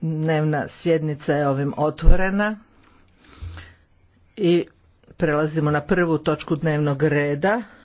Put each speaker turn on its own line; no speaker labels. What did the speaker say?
Dnevna sjednica je ovim otvorena i prelazimo na prvu točku dnevnog reda.